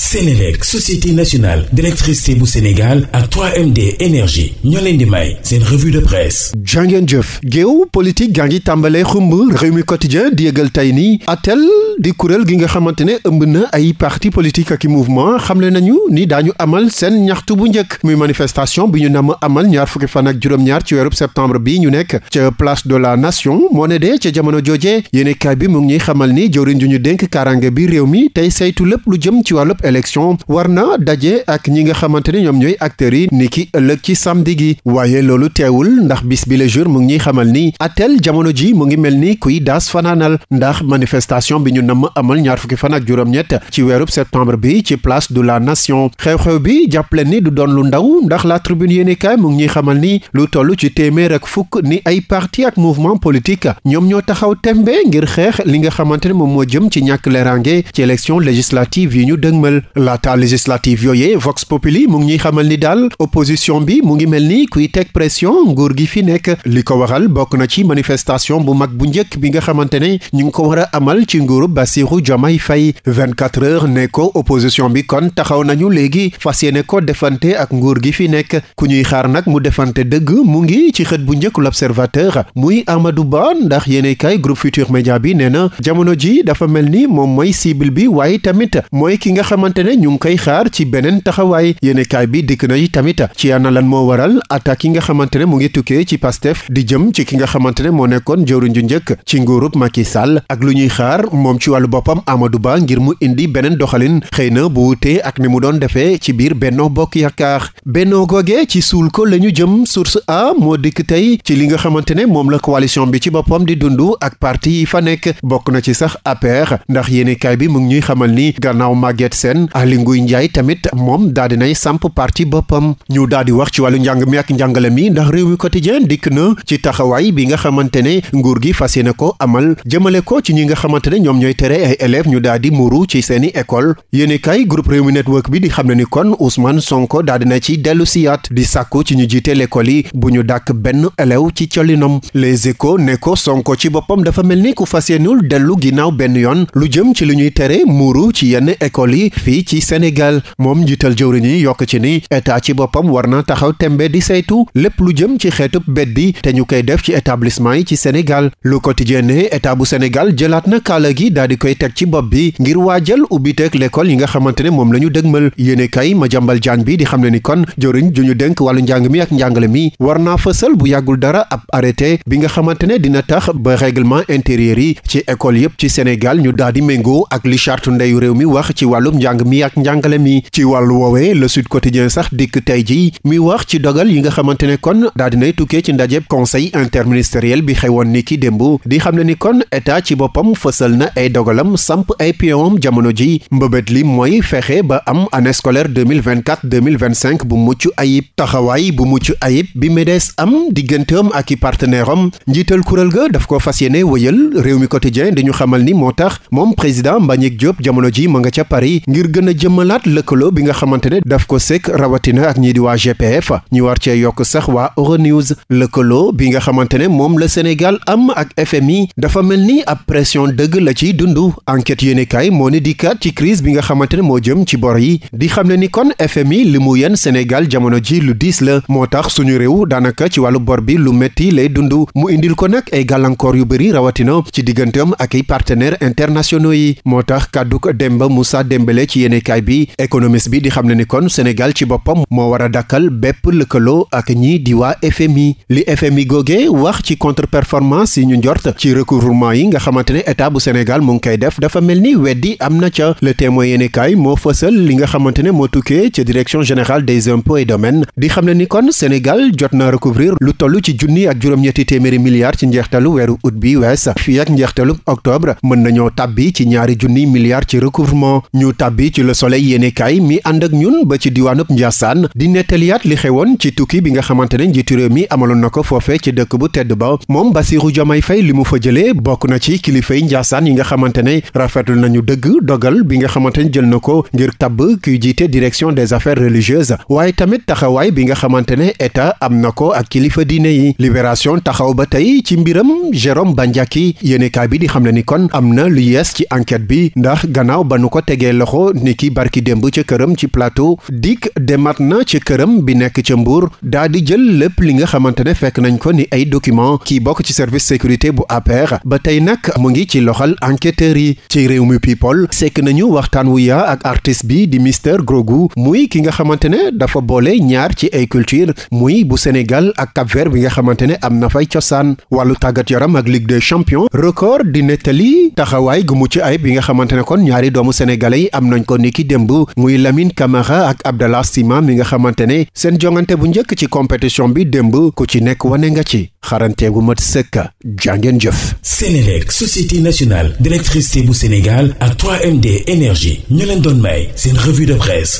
Sénélec société nationale d'électricité bu Sénégal ak 3 énergie ñoo leen di may seen revue de presse jàngeen jëf géew politique gaa ngi tàmbalee xumb réew mi quotidien di yëgal tey nii atel di kuréel gi nga xamante ne ëmb na ay parti politique ak i mouvement xamle nañu ni daañu amal seen ñaxtu bu njëkk muy manifestation bi ñu nam amal ñaar fukki fan ak juróom ci weerub septembre bi ñu nekk ca place de la nation moo ne de ca jamono jooje yéene bi mu ngi ñuy xamal ni jëwriñ ju ñu dénk kaaraange bi réew mi tey saytu lépp lu jëm ci wàllub élection war na daje ak ñi nga xamante ni ñoom ñooy acteurs yi ni ki ëllëg ci samedi gi waaye loolu teewul ndax bis bi le jour mu ngi ñuy xamal ni atel jamono ji mu ngi mel ni kuy daas fanaanal ndax manifestation bi ñu namm amal ñaar fukki fan ak juróom-ñett ci weerub septembre bi ci place du la nation xew-xew bi jàppaleen ni du doon lu ndaw ndax la tribune yéenekaay mu ngi ñuy xamal ni lu toll ci téeméer ak fukk ni ay parti ak mouvement politique ñoom ñoo taxaw tembe ngir xeex li nga xamante ne moom moo jëm ci ñàkk lerange amal laata législative yooyee Vox Populi mu ngi xamal ni daal opposition bi mu ngi mel ni kuy teg pression nguur gi fi nekk li ko waxal bokk na ci manifestation bu mag bu njëkk bi nga xamante ne ñu ngi ko war a amal ci nguuru Bassirou Diomaye fay 24 heures ne ko opposition bi kon taxaw nañu léegi fas yéene ko defante ak nguur gi fi nekk ku ñuy xaar nag mu defante dëgg mu ngi ci xët bu njëkk l'observateur muy Amadou Ba ndax yéene kay groupe Futur Média bi nee na jamono ji dafa mel ni moom bi xamante ne ñu ngi koy xaar ci beneen taxawaay yéenekaay bi dikk na yi tamit ci ana lan moo waral attaque yi nga xamante ne mu ngi tukkee ci Pastef di jëm ci ki nga xamante ne moo nekkoon jëwriñ ju njëkk ci nguurub Macky Sall ak lu ñuy xaar moom ci wàllu boppam amadu Ba ngir mu indi beneen doxalin xëy na bu wutee ak ni mu doon defee ci biir Benno Bokk Yaakaar Benno googee ci suul ko la ñu jëm source a moo dikk tey ci li nga xamante ne moom la coalition bi ci boppam di dund ak parti yi fa nekk bokk na ci sax APR ndax yéenekaay bi mu ñuy xamal ni gannaaw màgget Maguette Sène Aly Ngouille Ndiaye tamit moom daa dinay samp parti boppam ñu daal di wax ci wàllu njàng mi ak njàngale mi ndax réew mi quotidien dikk na ci taxawaay bi nga xamante ne nguur gi fas yéene ko amal jëmale ko ci ñi nga xamante ne ñoom ñooy tere ay élèves ñu daal di muuru ci seeni école yéeni kay groupe réew mi network bi di xam ne ni kon Ousmane Sonko daa dina ci dellu siyaat di sàkku ci ñu jiite l'école yi bu ñu dàkk benn élève ci colinam les échos ne Sonko ci boppam dafa mel ni ku fas yéenul dellu ginnaaw benn yoon lu jëm ci lu ñuy tere muuru ci yenn école yi fii ci Sénégal moom njiital jëwriñ yi yokk ci ni état ci boppam war na taxaw tembe di saytu lépp lu jëm ci xeetub beddi te ñu koy def ci établissement yi ci Sénégal lu quotidien ne état bu Sénégal jëlaat na kaala gi daal di koy teg ci bopp bi ngir waa jël ubbiteeg l'école yi nga xamante ne moom la ñu dëgmal yéene kay ma jàmbal jaan bi di xam ne ni kon jëwriñ ju ñu dénk wàllu njàng mi ak njàngale mi war naa fësal bu yàggul dara ab arrêté bi nga xamante ne dina tax ba règlement intérieur yi ci école yépp ci Sénégal ñu daal méngoo ak li charte ndeyu réew mi njàng mi ak njàngale mi ci wàllu woowee le Sud Quotidien sax dikk tey ji muy wax ci dogal yi nga xamante ne kon daa dinay tukkee ci ndajeb conseil interministériel bi xewoon ni ki démb di xam ne ni kon état ci boppam fësal na ay dogalam samp ay pionam jamono ji mbëbët li mooy fexe ba am année scolaire 2024 2025 bu mucc ayib taxawaay bu mucc ayib bi MEDES am digganteem ak i partenaire am njiital kuréel ga daf ko fas yéene wëyal réew mi quotidien dañu xamal ni moo tax moom président Mbagnick Diop ngir gën a jëmmalaat lëkkaloo bi nga xamante ne daf ko sek rawatina ak ñii di waa GPF ñu war cee yokk sax waa Euronews lëkkaloo bi nga xamante ne moom la Sénégal am ak FMI dafa mel ni ab pression dëgg la ciy dund enquête yéenekaay moo ni dikkaat ci crise bi nga xamante ne moo jëm ci bor yi di xam ne ni kon FMI li mu yenn Sénégal jamono ji lu diis la moo tax suñu réew daanaka ci wàllu bor bi lu metti lay dund mu indil ko nag ay gàllankoor yu bëri rawatina ci digganteem ak ay partenaires internationaux yi moo tax kàdduk Demba Moussa Dembélé ci yéenekaay bi économiste bi di xam ne ni kon Sénégal ci boppam moo war a dakkal bépp lëkkaloo ak ñii di waa FMI li FMI googe wax ci contre-performance yi ñu njort ci recouvrement yi nga xamante ne état bu Sénégal moo ngi koy def dafa mel ni weddi am na ca le témoin yéenekaay moo fësal li nga xamante ne moo tukkee ca direction général des impôts et domaines di xam ne ni kon Sénégal jot na recouvrir lu toll ci junni ak juróom-ñetti téeméeri milliards ci njeextalu weeru août bi wees fii ak njeextalu octobre mën nañoo tàbbi ci ñaari junni milliards ci recouvrement bi ci le soleil yéenekaay mi ànd ak ñun ba ci diwaanub Njaasaan di nettaliyaat li xewoon ci tukki bi nga xamante ne njiitu mi amaloon na ko foofe ci dëkk bu tedd ba moom Basiiru Jomaay Fay li mu fa jëlee bokk na ci kilifa kilifay Njaasaan yi nga xamante ne rafetlu nañu dëgg dogal bi nga xamante ne jël na ko ngir tabb kuy jiite direction des affaires religieuses waaye tamit taxawaay bi nga xamante ne état am na ko ak kilifa diine yi libération taxaw ba tey ci mbiram Jérôme Bandiaki yéenekaay bi di xam ne ni kon am na lu yees ci enquête bi ndax gannaaw ba ko niki barki démb ca këram ci plateau dikk demaat na ca këram bi nekk ca mbuur daa di jël lépp li nga xamante ne fekk nañ ko ni ay document kii bokk ci service sécurité bu APR ba tey nag mu ngi ci loxol enquêteurs yi ci réew mi people sekk nañu waxtaan wu yaa ak artiste bi di Mister Grogu muy ki nga xamante ne dafa boole ñaar ci ay culture muy bu Sénégal ak Cap-Vert bi nga xamante ne am na fay cosaan wallu tàggat yaram ak Ligue des champions record di nettali taxawaay gu mucc ayib bi nga xamante ne kon ñaari doomu sénégalais am nañ ko niki démb muy Lamine Camara ak Abdallah Sima yi nga xamante ne seen jongante bu njëkk ci compétition bi démb ku ci nekk wane nga ci xarante bu mat sëkk jàngeen jëf. Sénélec société nationale d'électricité bu Sénégal ak 3MD énergie ñu leen doon may seen revue de presse.